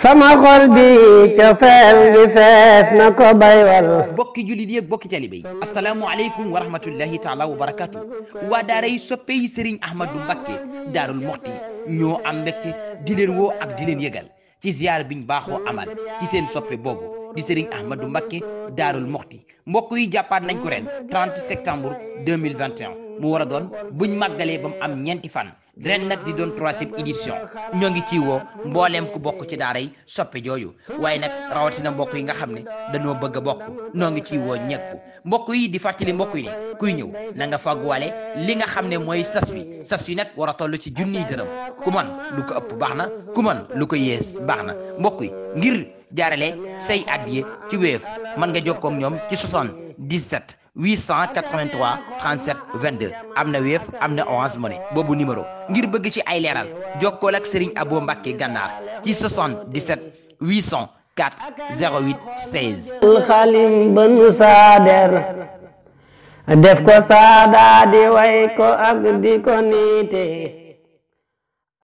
sama xol bi cofeel bi fees na ko baywal bokki jullit yi bokki talibe yi asalaamualeykum wa rahmatullahi taala wa barakatu waa daara yi soppe yi sëriñ ahmadu mbakke daarul moxti ñoo am mbégte di leen ak di leen yëgal ci ziar biñ baaxoo amal ci seen soppee boobu di sëriñ ahmadu mbakke daarul moxti mbokk yi jàppaat nañ ko ren 30 septembre 2021 mu war a doon buñ màggalee ba am ñeenti fan ren nag di doon troisième édition ñoo ngi ciy woo mbooleem ku bokk ci daara yi soppe jooju waaye nag rawatina mbokk yi nga xam ne dañoo bëgg a bokk ñoo ngi ciy woo ñekku mbokk yi di fàttali mbokk yi ne kuy ñëw na nga fagwale li nga xam ne mooy sas wi sas wi nag war a toll ci junniy dërëm ku man lu ko ëpp baax na ku man lu ko yées baax na mbokk yi ngir jaarale say addiye ci Wave mën nga jokkoo ak ñoom ci 77 883 37 22 am na Wave am na Orange Money boobu numéro ngir bëgg ci ay leeral jokkool ak Serigne Abo Mbacke Gànnaar ci 77 804 08 16 xalim banu saader def ko saada way ko ak di ko niite